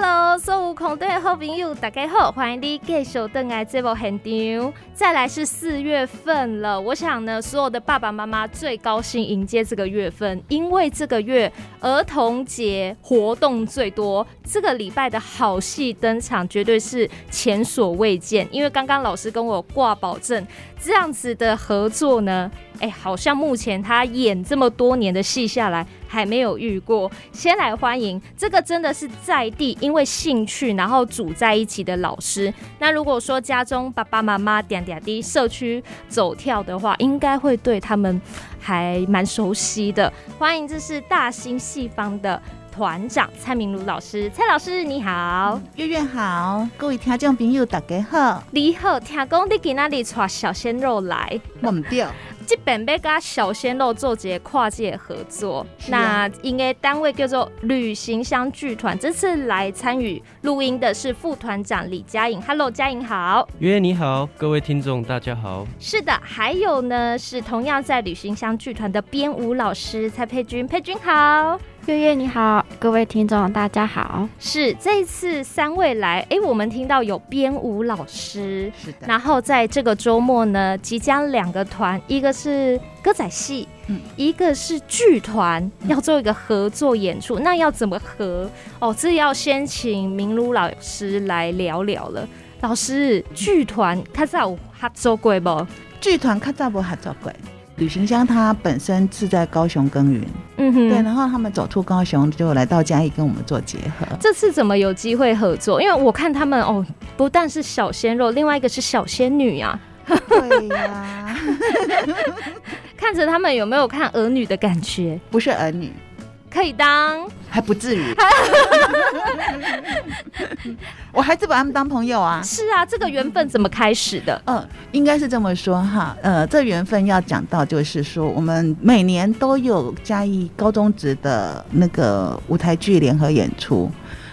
Hello，孫悟空對好朋友大家好，歡迎你繼續登來這個很 new，再來是四月份了，我想呢，所有的爸爸媽媽最高興迎接這個月份，因為這個月兒童節活動最多，這個禮拜的好戲登場絕對是前所未見。因為剛剛老師跟我掛保證，這樣子的合作呢。哎、欸，好像目前他演這麼多年的戲下來還沒有遇過。先來歡迎這個真的是在地，因為興趣然後組在一起的老師。那如果說家中爸爸媽媽嗲嗲的社區走跳的話，應該會對他們還蠻熟悉的。歡迎，這是大心戲坊的團長蔡明儒老師。蔡老師你好，月月好，各位聽眾朋友大家好，你好，聽講你給那裡抓小鮮肉來，忘不掉。基本被個小鮮肉做這跨界合作，啊、那應該單位叫做旅行箱劇團。這次來參與錄音的是副團長李佳穎。Hello，佳穎好。月月你好，各位聽眾大家好。是的，還有呢，是同樣在旅行箱劇團的編舞老師蔡佩君。佩君好。月月你好，各位聽眾大家好。是這一次三位來，哎、欸，我們聽到有編舞老師，是的。然後在這個周末呢，即將兩個團，一個是歌仔戲，嗯，一個是劇團，要做一個合作演出，嗯、那要怎麼合？哦，這要先請明儒老師來聊聊了。老師，劇團咔在有合作過不？劇團咔在沒合作過？旅行箱他本身是在高雄耕耘，嗯哼，對，然後他們走出高雄，就來到嘉義跟我們做結合。這次怎麼有機會合作？因為我看他們哦，不但是小鮮肉，另外一個是小仙女呀、啊。 對呀、啊， 看着他們有沒有看兒女的感覺？不是兒女。可以當還不至於， 我還是把他們當朋友啊。是啊，這個緣分怎麼開始的？嗯，呃、應該是這麼說哈。呃，這緣分要講到，就是說我們每年都有嘉義高中職的那個舞台劇聯合演出，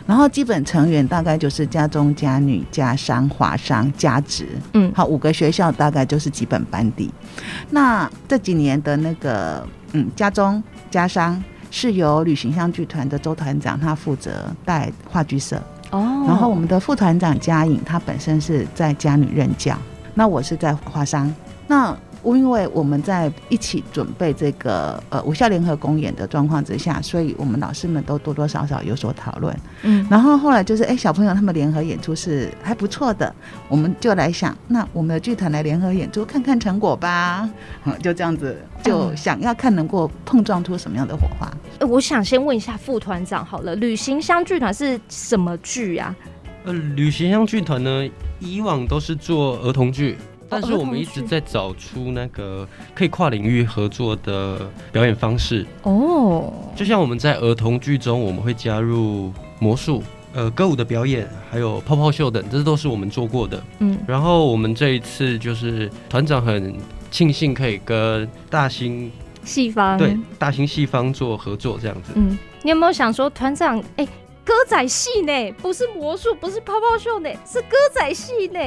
然後基本成員大概就是嘉中、嘉女、嘉商、華商、嘉職，嗯，好，五個學校大概就是基本班底、嗯。那這幾年的那個，嗯，嘉中、嘉商。是由旅行箱劇團的周團長他負責帶話劇社，哦、oh.，然後我們的副團長佳穎，她本身是在家裡任教，那我是在華商。那。因為我們在一起準備這個呃五校聯合公演的狀況之下，所以我們老師們都多多少少有所討論。嗯，然後後來就是誒、欸，小朋友他們聯合演出是還不錯的，我們就來想，那我們的劇團來聯合演出看看成果吧。嗯，就這樣子就想要看能夠碰撞出什麼樣的火花。嗯呃、我想先問一下副團長好了，旅行箱劇團是什麼劇呀、啊？呃，旅行箱劇團呢，以往都是做兒童劇。但是我們一直在找出那個可以跨領域合作的表演方式哦，就像我們在兒童劇中，我們會加入魔術、呃歌舞的表演，還有泡泡秀等，這都是我們做過的。嗯，然後我們這一次就是團長很慶幸可以跟大心戲坊對大心戲坊做合作這樣子。嗯，你有沒有想說團長哎？歌仔戲呢？不是魔術，不是泡泡秀呢？是歌仔戲呢？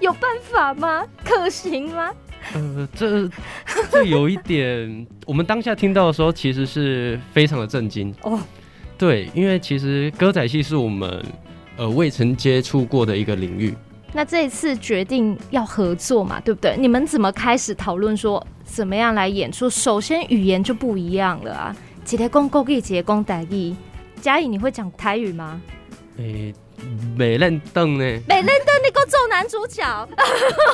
有辦法嗎？可行嗎？呃，這這有一點， 我們當下聽到的時候，其實是非常的震驚哦。Oh. 對，因為其實歌仔戲是我們呃未曾接觸過的一個領域。那這一次決定要合作嘛，對不對？你們怎麼開始討論說怎麼樣來演出？首先語言就不一樣了啊。杰公夠給姐公，打意。佳穎你會講台語嗎？沒未認得呢。沒認得，沒人你夠做男主角。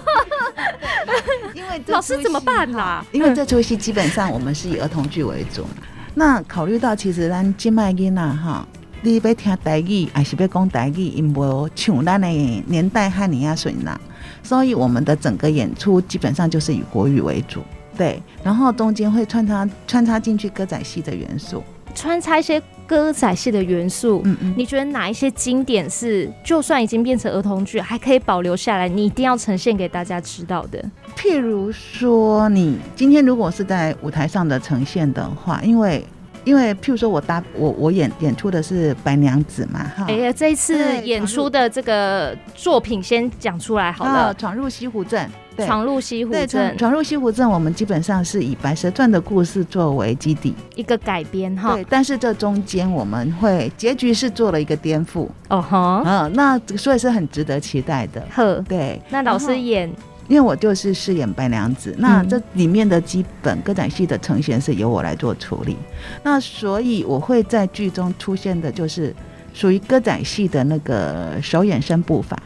因為老師怎麼辦啦？因為這出戲基本上我們是以兒童劇為主。 那考慮到其實咱金麥英啊哈，伊要聽台語，還是要講台語，因無像咱的年代漢尼亞順啦。所以我們的整個演出基本上就是以國語為主，對。然後中間會穿插穿插進去歌仔戲的元素，穿插一些。歌仔戲的元素，嗯嗯，你覺得哪一些經典是就算已經變成兒童劇，還可以保留下來？你一定要呈現給大家知道的。譬如說你，你今天如果是在舞台上的呈現的話，因為因為譬如說我搭我我演演出的是白娘子嘛，哈。哎呀，這一次演出的這個作品，先講出來好了，《闖入、哦、闖入西湖鎮》。闖入西湖鎮，闖入西湖鎮，我們基本上是以《白蛇傳》的故事作為基底，一個改編哈。對，但是這中間我們會結局是做了一個顛覆。哦、uh、哼 -huh. 嗯，那所以是很值得期待的。呵、uh -huh.，對。那老師演，因為我就是飾演白娘子、嗯，那這裡面的基本歌仔戲的呈現是由我來做處理。那所以我會在劇中出現的，就是屬於歌仔戲的那個手眼身步法。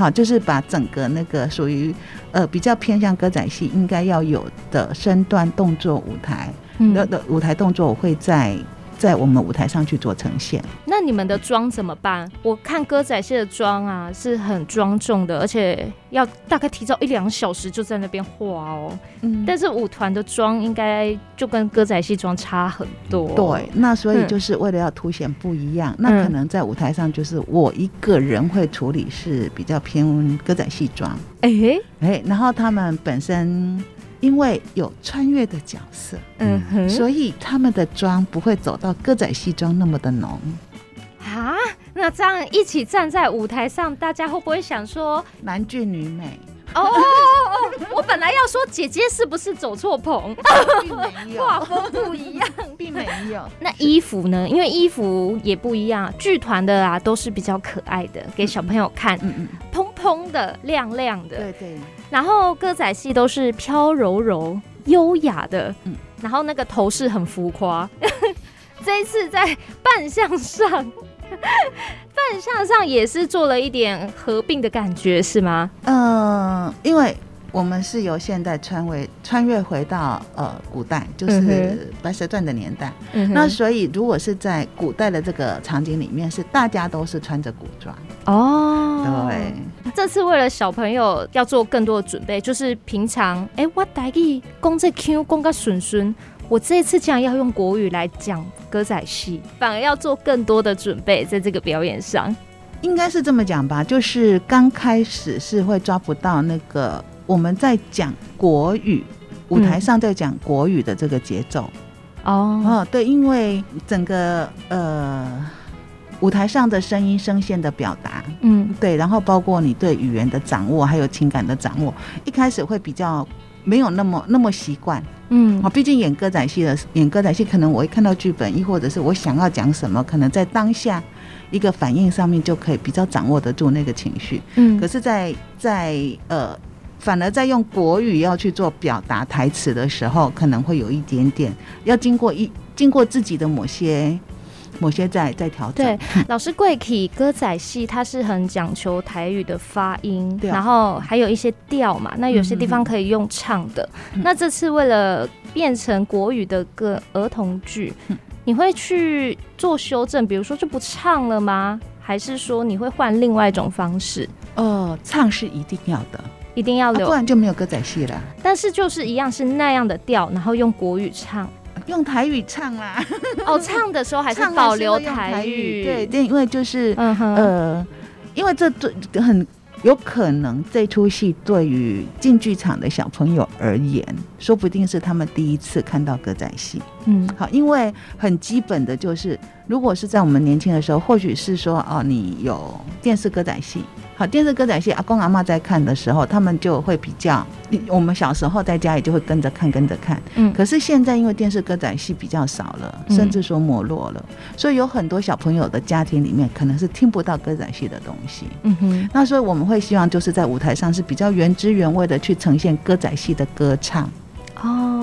好，就是把整個那個屬於呃比較偏向歌仔戲應該要有的身段動作、舞台的的、嗯、舞台動作，我會在。在我們舞台上去做呈現，那你們的妝怎麼辦？我看歌仔戲的妝啊，是很莊重的，而且要大概提早一兩小時就在那邊畫哦。嗯，但是舞團的妝應該就跟歌仔戲妝差很多。對，那所以就是為了要凸顯不一樣，嗯，那可能在舞台上就是我一個人會處理是比較偏歌仔戲妝。哎、嗯欸、嘿，哎、欸，然後他們本身。因為有穿越的角色，嗯哼，所以他們的妝不會走到歌仔戲中那麼的濃啊。那這樣一起站在舞台上，大家會不會想說男俊女美？哦哦哦！我本來要說姐姐是不是走錯棚？並沒有，畫風不一樣，並沒有。那衣服呢？因為衣服也不一樣，劇團的啊都是比較可愛的，給小朋友看，嗯嗯，嗯，蓬蓬的、亮亮的，對對，對。然後歌仔戲都是飄柔柔、優雅的，嗯、然後那個頭飾很浮誇。 這一次在扮相上， 扮相上也是做了一點合併的感覺，是嗎？嗯、呃，因為。我們是由現代穿為穿越回到呃古代，就是《白蛇傳》的年代、嗯。那所以如果是在古代的這個場景裡面，是大家都是穿着古裝哦。對，這次為了小朋友要做更多的準備，就是平常哎、欸，我大弟公這 Q 公個孫孫，我這次竟然要用國語來講歌仔戲，反而要做更多的準備在這個表演上。應該是這麼講吧，就是剛開始是會抓不到那個。我們在講國語，舞台上在講國語的這個節奏，嗯，哦，對，因為整個呃舞台上的聲音聲線的表達，嗯，對，然後包括你對語言的掌握，還有情感的掌握，一開始會比較沒有那麼那麼習慣，嗯，好，畢竟演歌仔戲的演歌仔戲，可能我一看到劇本，亦或者是我想要講什麼，可能在當下一個反應上面就可以比較掌握得住那個情緒，嗯，可是在，在在呃。反而在用國語要去做表達台詞的時候，可能會有一點點要經過一經過自己的某些某些在在調整。對，老師貴體歌仔戲它是很講求台語的發音，啊、然後還有一些調嘛。那有些地方可以用唱的。嗯、那這次為了變成國語的歌兒童劇、嗯，你會去做修正？比如說就不唱了嗎？還是說你會換另外一種方式？呃，唱是一定要的。一定要留、啊，不然就沒有歌仔戲了。但是就是一樣是那樣的調，然後用國語唱，啊、用台語唱啦、啊。 哦，唱的時候還是保留台語。是是台語對，對，因為就是、嗯、哼、呃，因為這對很有可能，這出戲對於進劇場的小朋友而言。說不定是他們第一次看到歌仔戲，嗯，好，因為很基本的就是，如果是在我們年輕的時候，或許是說哦，你有電視歌仔戲，好，電視歌仔戲，阿公阿嬤在看的時候，他們就會比較，我們小時候在家裡就會跟着看跟着看，嗯，可是現在因為電視歌仔戲比較少了，嗯，甚至說沒落了，所以有很多小朋友的家庭裡面可能是聽不到歌仔戲的東西，嗯哼，那所以我們會希望就是在舞台上是比較原汁原味的去呈現歌仔戲的歌唱。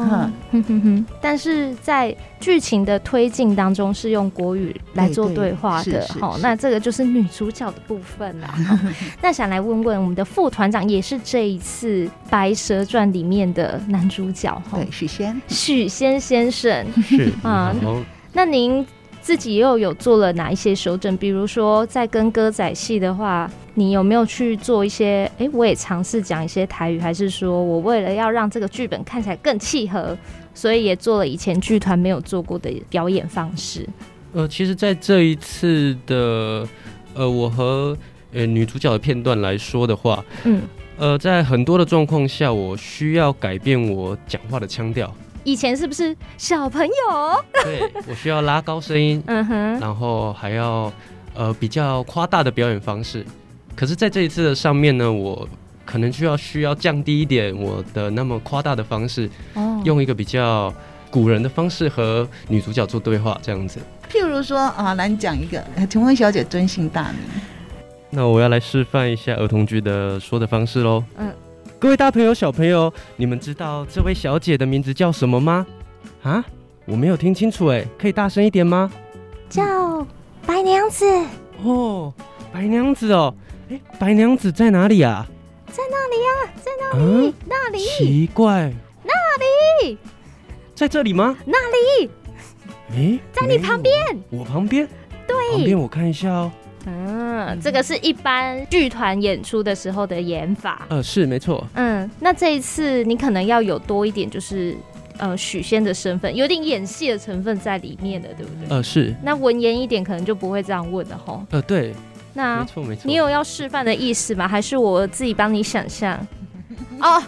嗯哼哼，但是在劇情的推進當中是用國語來做對話的，好、哦，那這個就是女主角的部分了。哦、 那想來問問我們的副團長，也是這一次《白蛇傳》裡面的男主角，哦、對，許仙，許仙先，先生，是啊、嗯。那您自己又有做了哪一些修正？比如說在跟歌仔戲的話。你有沒有去做一些？哎、欸，我也嘗試講一些台語，還是說我為了要讓這個劇本看起來更契合，所以也做了以前劇團沒有做過的表演方式。呃，其實在這一次的呃我和呃女主角的片段來說的話，嗯，呃，在很多的狀況下，我需要改變我講話的腔調。以前是不是小朋友？對，我需要拉高聲音，嗯哼，然後還要呃比較誇大的表演方式。可是在這一次的上面呢，我可能就要需要降低一點我的那麼誇大的方式，哦，用一個比較古人的方式和女主角做對話這樣子。譬如說啊，來你講一個，請問小姐尊姓大名？那我要來示範一下兒童劇的說的方式嘍。嗯，各位大朋友小朋友，你們知道這位小姐的名字叫什麼嗎？啊，我沒有聽清楚，哎，可以大聲一點嗎？叫白娘子。嗯、哦，白娘子哦。哎、欸，白娘子在哪裡啊？在哪裡啊？在哪裡、啊？那裡？奇怪。那裡？在這裡嗎？那裡？誒、欸，在你旁邊？我旁邊？對。旁邊我看一下哦、喔啊。嗯，這個是一般劇團演出的時候的演法。呃，是，沒錯。嗯，那這一次你可能要有多一點，就是呃許仙的身份，有點演戲的成分在裡面的，對不對？呃，是。那文言一點，可能就不會這樣問了哈。呃，對。那，你有要示範的意思嗎？還是我自己幫你想象哦 ，oh，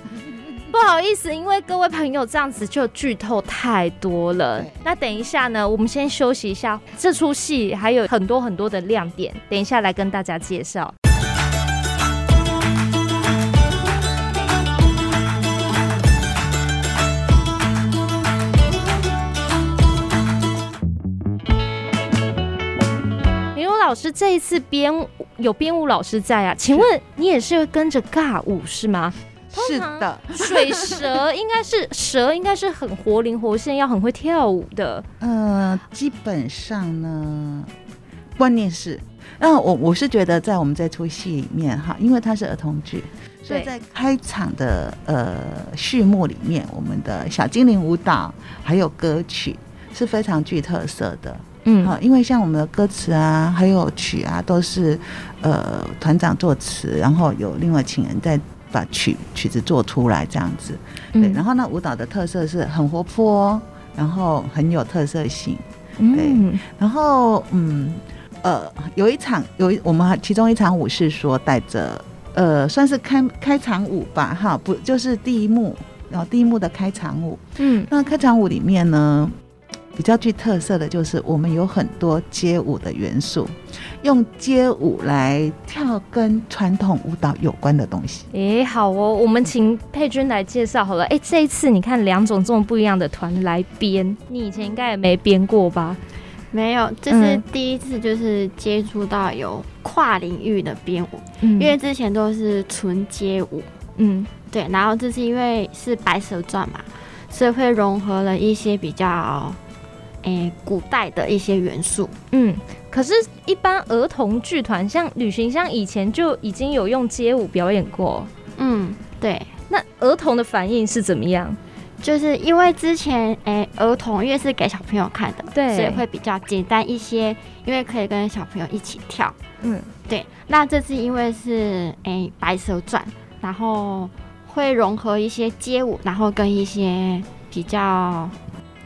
不好意思，因為各位朋友這樣子就劇透太多了。 那等一下呢，我們先休息一下。這齣戲還有很多很多的亮點，等一下來跟大家介紹。老師這一次編有編舞老師在啊，請問你也是會跟着尬舞是嗎？是的，水蛇應該是蛇，應該是很活靈活現，要很會跳舞的。嗯、呃，基本上呢，關鍵是，那、啊、我我是覺得在我們這出戲裡面哈，因為它是兒童劇，所以在開場的呃序幕裡面，我們的小精靈舞蹈還有歌曲是非常具特色的。嗯，因為像我們的歌詞啊，還有曲啊，都是呃團長作詞，然後有另外請人再把曲曲子做出來這樣子。對，嗯，然後那舞蹈的特色是很活潑，喔，然後很有特色性。對，嗯，然後嗯呃，有一場有一我們其中一場舞是說帶着呃，算是開開場舞吧，哈，不就是第一幕，然後第一幕的開場舞。嗯，那開場舞裡面呢？比較具特色的就是我們有很多街舞的元素，用街舞來跳跟傳統舞蹈有關的東西。哎，好哦，我們請佩君來介紹好了。哎，這一次你看兩種這麼不一樣的團來編，你以前應該也沒編過吧？沒有，這是第一次就是接觸到有跨領域的編舞，嗯，因為之前都是純街舞。嗯，對，然後這是因為是《白蛇傳》嘛，所以會融合了一些比較。誒，古代的一些元素，嗯，可是，一般兒童劇團像旅行箱以前就已經有用街舞表演過，嗯，對。那兒童的反應是怎麼樣？就是因為之前，誒，兒童因為是給小朋友看的，對，所以會比較簡單一些，因為可以跟小朋友一起跳，嗯，對。那這次因為是，誒，《白蛇傳》，然後會融合一些街舞，然後跟一些比較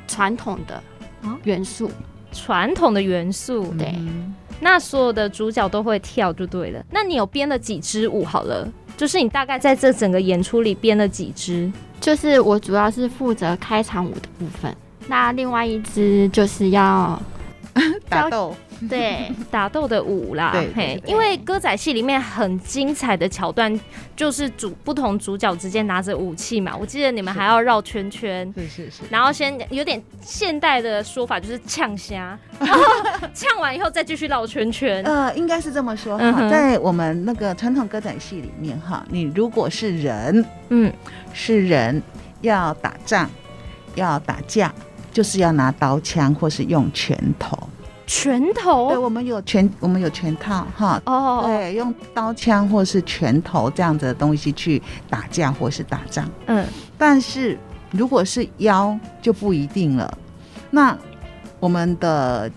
傳統的。元素，傳統的元素，對。那所有的主角都會跳就對了。那你有編了幾支舞？好了，就是你大概在這整個演出裡編了幾支？就是我主要是負責開場舞的部分，那另外一支就是要打鬥。 打 對，打鬥的舞啦。對對對對，因為歌仔戲裡面很精彩的橋段就是主，不同主角之間拿着武器嘛。我記得你們還要繞圈圈，是是是，是，然後先有點現代的說法就是嗆蝦，然後嗆 完以後再繼續繞圈圈。 呃，應該是這麼說哈，在我們那個傳統歌仔戲裡面哈，你如果是人，嗯，是人要打仗要打架，就是要拿刀槍或是用拳頭。拳頭，對，我們有拳，我們有拳套，哈，哦、oh.，對，用刀槍或是拳頭這樣子的東西去打架或是打仗，嗯，但是如果是妖就不一定了，那我們的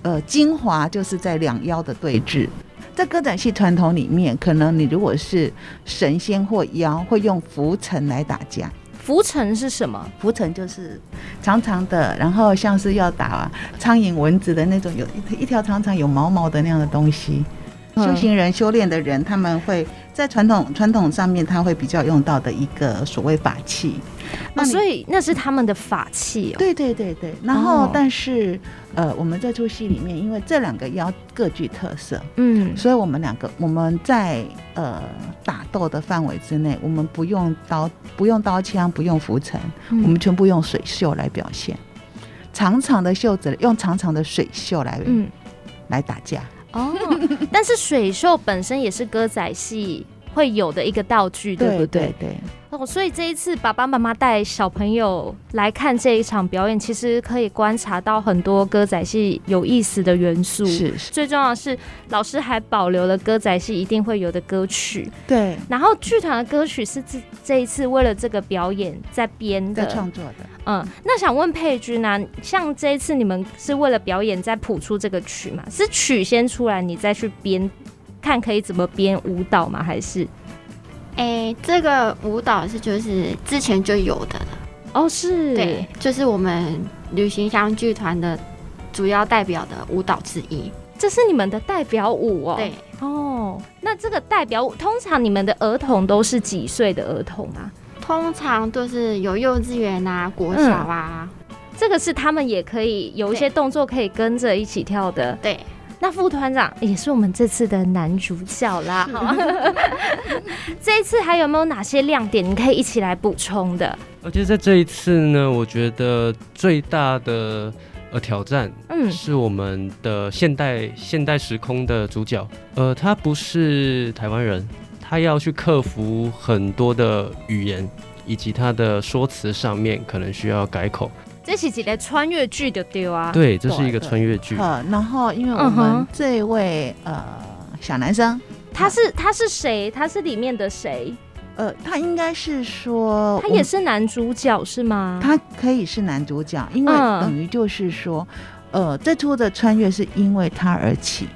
呃精華就是在兩妖的對峙，在歌仔戲傳統裡面，可能你如果是神仙或妖，會用拂塵來打架。拂塵是什麼？拂塵就是長長的，然後像是要打啊蒼蠅、蚊子的那種，有一一條長長有毛毛的那樣的東西。修行人、修煉的人，他們會在傳統傳統上面，他會比較用到的一個所謂法器。啊、哦哦，所以那是他們的法器、哦。對對對對。然後，哦、但是呃，我們這出戲裡面，因為這兩個妖各具特色，嗯，所以我們兩個我們在呃打鬥的範圍之內，我們不用刀、不用刀槍、不用拂塵，我們全部用水袖來表現。嗯、長長的袖子，用長長的水袖來嗯來打架。 哦，但是水袖本身也是歌仔戲會有的一個道具， 對不對？對，對，對。哦，所以這一次爸爸媽媽帶小朋友來看這一場表演，其實可以觀察到很多歌仔戲有意思的元素是。是，最重要的是老師還保留了歌仔戲一定會有的歌曲。對。然後劇團的歌曲是這這一次為了這個表演在編的創作的。嗯，那想問佩君呢？像這一次你們是為了表演再譜出這個曲嗎？是曲先出來，你再去編，看可以怎麼編舞蹈嗎？還是？哎、欸，這個舞蹈是就是之前就有的了，哦，是，對，就是我們旅行箱劇團的主要代表的舞蹈之一，這是你們的代表舞哦，對，哦，那這個代表舞通常你們的兒童都是幾歲的兒童啊？通常都是有幼稚園啊、國小啊、嗯，這個是他們也可以有一些動作可以跟着一起跳的，對。對那副團長也是我們這次的男主角啦，好嗎？ 這一次還有沒有哪些亮點？你可以一起來補充的。而、呃、且在這一次呢，我覺得最大的呃挑戰，嗯，是我們的現代現代時空的主角，呃，他不是台灣人，他要去克服很多的語言以及他的說辭上面可能需要改口。這是一個穿越劇的？對啊？對，這是一個穿越劇、啊。呃，然後因為我們這位、uh -huh. 呃小男生，他是他是誰？他是裡面的誰？呃，他應該是說，他也是男主角是嗎？他可以是男主角，嗯、因為等於就是說，呃，這出的穿越是因為他而起。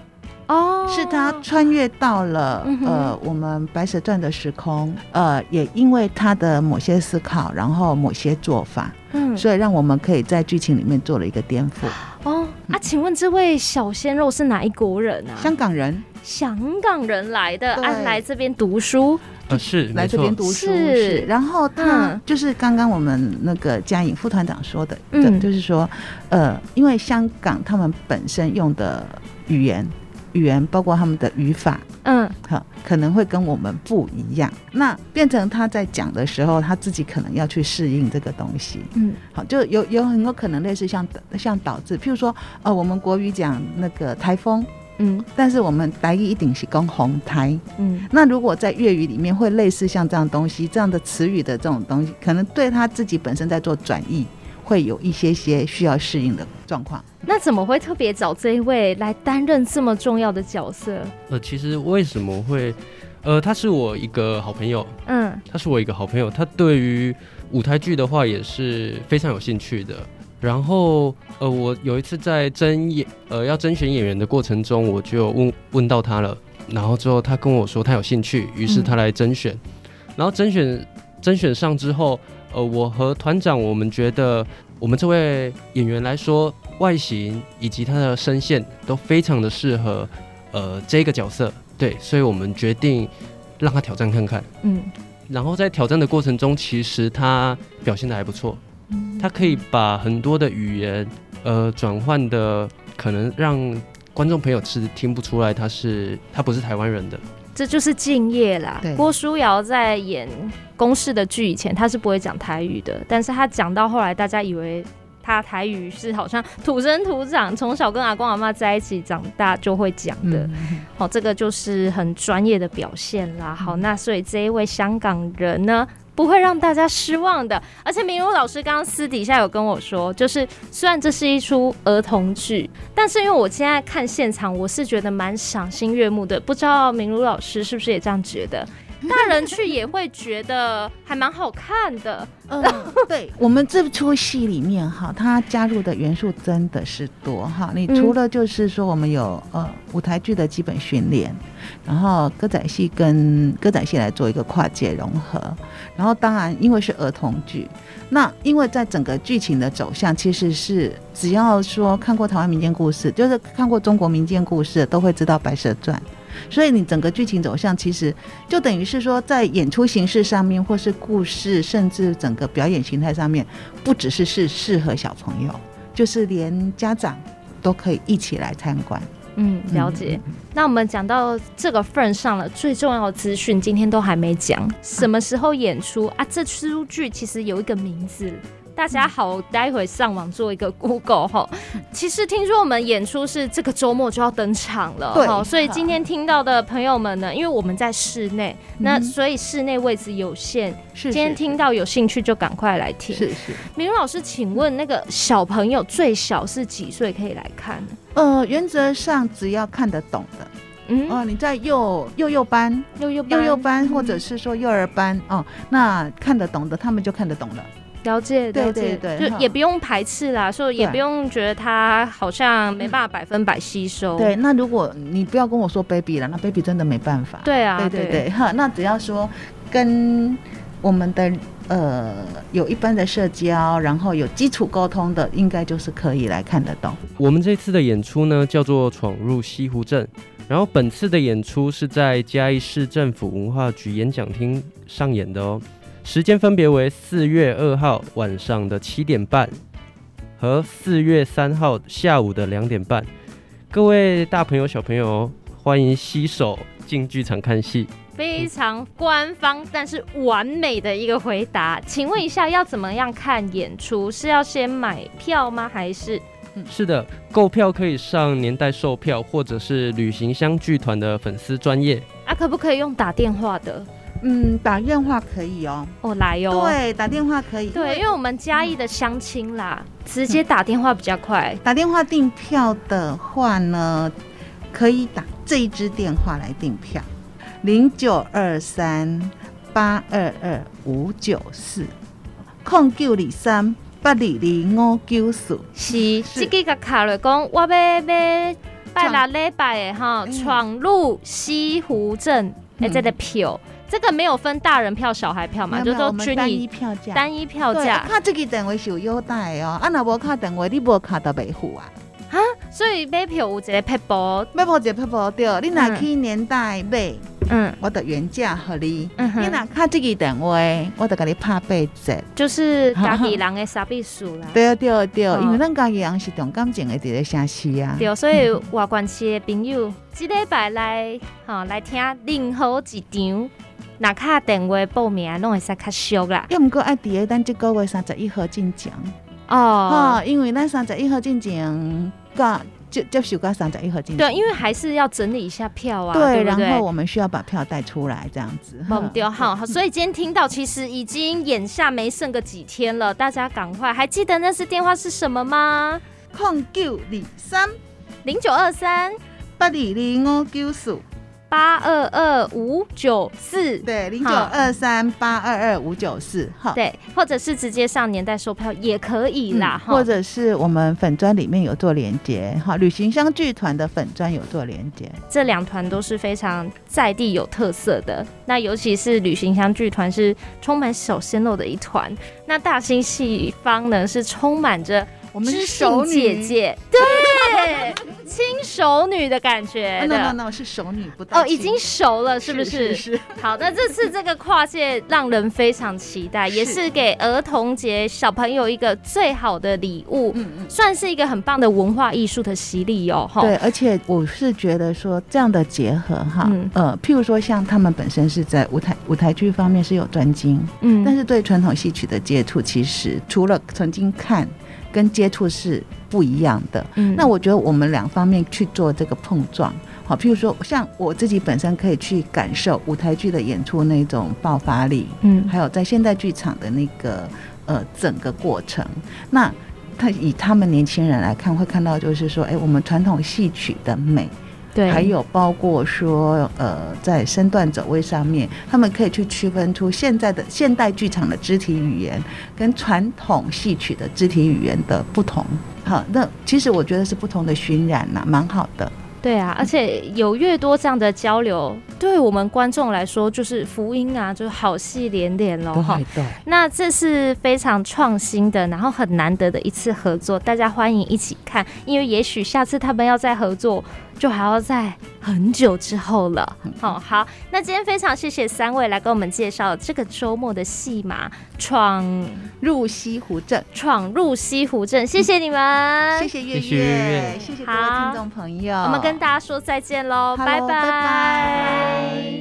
哦，是他穿越到了，嗯、呃我們《白蛇傳》的時空，呃，也因為他的某些思考，然後某些做法，嗯，所以讓我們可以在劇情裡面做了一個顛覆。哦，嗯，啊，請問這位小鮮肉是哪一國人啊？香港人，香港人來的，啊，來這邊讀書，呃是來這邊讀書是，是。然後他、嗯、就是剛剛我們那個佳穎副團長說的對，嗯，就是說，呃，因為香港他們本身用的語言。語言，包括他們的語法，嗯，好，可能會跟我們不一樣，那變成他在講的時候，他自己可能要去適應這個東西，嗯，好，就有有很多可能類似像像倒置，譬如說，呃，我們國語講那個台風，嗯，但是我們台語一定是講風颱，嗯，那如果在粵語裡面會類似像這樣東西，這樣的詞語的這種東西，可能對他自己本身在做轉譯。會有一些些需要適應的狀況。那怎麼會特別找這一位來擔任這麼重要的角色？呃，其實為什麼會，呃，他是我一個好朋友，嗯，他是我一個好朋友，他對於舞台劇的話也是非常有興趣的。然後，呃，我有一次在爭演，呃，要甄選演員的過程中，我就問問到他了。然後之後，他跟我說他有興趣，於是他來甄選，嗯。然後甄選甄選上之後。呃，我和團長，我們覺得我們這位演員來說，外形以及他的聲線都非常的適合，呃，這個角色，對，所以我們決定讓他挑戰看看。嗯，然後在挑戰的過程中，其實他表現得還不錯，他可以把很多的語言，呃，轉換的可能讓觀眾朋友是聽不出來他是他不是台灣人的。這就是敬業啦。對，郭書瑤在演公式的劇以前，她是不會講台語的。但是她講到後來，大家以為她台語是好像土生土長，從小跟阿公阿媽在一起長大就會講的，嗯。好，這個就是很專業的表現啦。嗯、好，那所以這一位香港人呢？不會讓大家失望的。而且明儒老師剛剛私底下有跟我說，就是雖然這是一出兒童劇，但是因為我現在看現場，我是覺得蠻賞心悅目的。不知道明儒老師是不是也這樣覺得？ 大人去也會覺得還蠻好看的。 嗯，對，我們這出戲裡面哈，它加入的元素真的是多哈，你除了就是說我們有呃舞台劇的基本訓練，然後歌仔戲跟歌仔戲來做一個跨界融合，然後當然因為是兒童劇，那因為在整個劇情的走向其實是只要說看過台灣民間故事，就是看過中國民間故事，都會知道白蛇傳。所以你整個劇情走向其實就等於是說，在演出形式上面，或是故事，甚至整個表演形態上面，不只是是適合小朋友，就是連家長都可以一起來參觀。嗯，了解。嗯，那我們講到這個份上了，最重要的資訊今天都還沒講，什麼時候演出啊？這出劇其實有一個名字。.大家好，待會上網做一個 Google 哈。其實聽說我們演出是這個週末就要登場了哈，所以今天聽到的朋友們呢，因為我們在室內、嗯，那所以室內位置有限，是是是，今天聽到有興趣就趕快來聽。是是。明儒老師，請問那個小朋友最小是幾歲可以來看？呃，原則上只要看得懂的，嗯，哦，你在幼幼幼班、幼幼幼幼班，幼幼班或者是說幼兒班哦、呃。那看得懂的，他們就看得懂了。了解，了解，對，就也不用排斥啦，所以也不用覺得它好像沒辦法百分百吸收。對，那如果你不要跟我說 baby 了，那 baby 真的沒辦法。對啊，對對對，哈，那只要說跟我們的呃有一般的社交，然後有基礎溝通的，應該就是可以來看得到。我們這次的演出呢叫做《闖入西湖鎮》，然後本次的演出是在嘉義市政府文化局演講廳上演的哦。時間分別為四月二號晚上的七點半和四月三號下午的兩點半。各位大朋友、小朋友，歡迎攜手進劇場看戲。非常官方但是完美的一個回答。請問一下，要怎麼樣看演出？是要先買票嗎？還是？是的，購票可以上年代售票，或者是旅行箱劇團的粉絲專頁。啊，可不可以用打電話的？嗯，打電話可以哦、喔。哦、oh,，來喲、喔。對，打電話可以。對，因為我們嘉義的鄉親啦、嗯，直接打電話比較快。嗯、打電話訂票的話呢，可以打這一支電話來訂票：零九二三八二二五九四空九二三八二二五九四。是，這個卡來講，我咩咩，拜六禮拜哈，闖、嗯、入西湖鎮，哎，這個票。嗯這個沒有分大人票、小孩票嘛，就是說單一票價，你單一票價。啊啊、看個電話是有優待哦。啊，那我看電話，你不卡到白付啊？哈，所以買票有一個撇步，買票一個撇步、嗯，對，你哪去年代買？嗯，我的原價合你。嗯，你哪看自個電話，我得跟你拍九折。就是家己人的沙比數啦。嗯、對對對、哦，因為咱家己人是重感情的，一個城市啊。對，所以、嗯、外觀去的朋友，這禮拜來，好、哦、來聽任何一場。拿卡電話報名，弄一下卡收啦。又唔過愛第二個，這個月三十一號進場。哦、oh.，因為咱三十一號進場，個就就收個三十一號進場，對，啊，因為還是要整理一下票啊，對，對，對，然後我們需要把票帶出來這，嗯，這樣子。好，嗯，所以今天聽到其實已經眼下沒剩個幾天了，大家趕快！還記得那次電話是什麼嗎？空九二三零九二三八二二五九四。八二二五九四，對，零九二三八二二五九四，594，哈，對，或者是直接上年代售票也可以啦，嗯、哈，或者是我們粉專裡面有做連接，哈，旅行箱劇團的粉專有做連接，這兩團都是非常在地有特色的，那尤其是旅行箱劇團是充滿小鮮肉的一團，那大心戲坊呢是充滿着我們是手姐姐，對。對，親熟女的感覺。Oh, no No No，是熟女不？哦，已經熟了，是不是？是，是，是。好，那這次這個跨界讓人非常期待， 也是給兒童節小朋友一個最好的禮物，嗯，算是一個很棒的文化藝術的洗禮哦。對。而且我是覺得說這樣的結合哈，嗯，呃，譬如說像他們本身是在舞台舞台劇方面是有專精，嗯，但是對傳統戲曲的接觸，其實除了曾經看跟接觸是。不一樣的，嗯，那我覺得我們兩方面去做這個碰撞。好，譬如說像我自己本身可以去感受舞台劇的演出那種爆發力，嗯，還有在現代劇場的那個呃整個過程，那他以他們年輕人來看，會看到就是說，哎、欸，我們傳統戲曲的美，對，還有包括說呃在身段走位上面，他們可以去區分出現在的現代劇場的肢體語言跟傳統戲曲的肢體語言的不同。好，那其實我覺得是不同的熏染吶、啊，蠻好的。對啊，而且有越多這樣的交流，對我們觀眾來說就是福音啊，就是好戲連連嘍哈。那這是非常創新的，然後很難得的一次合作，大家歡迎一起看，因為也許下次他們要再合作。就還要在很久之後了，嗯。哦，好，那今天非常謝謝三位來跟我們介紹這個周末的戲碼《闖入西湖鎮》。闖入西湖鎮，嗯，謝謝你們，謝謝月月，謝謝月月。謝謝各位聽眾朋友。我們跟大家說再見嘍，拜拜。Bye bye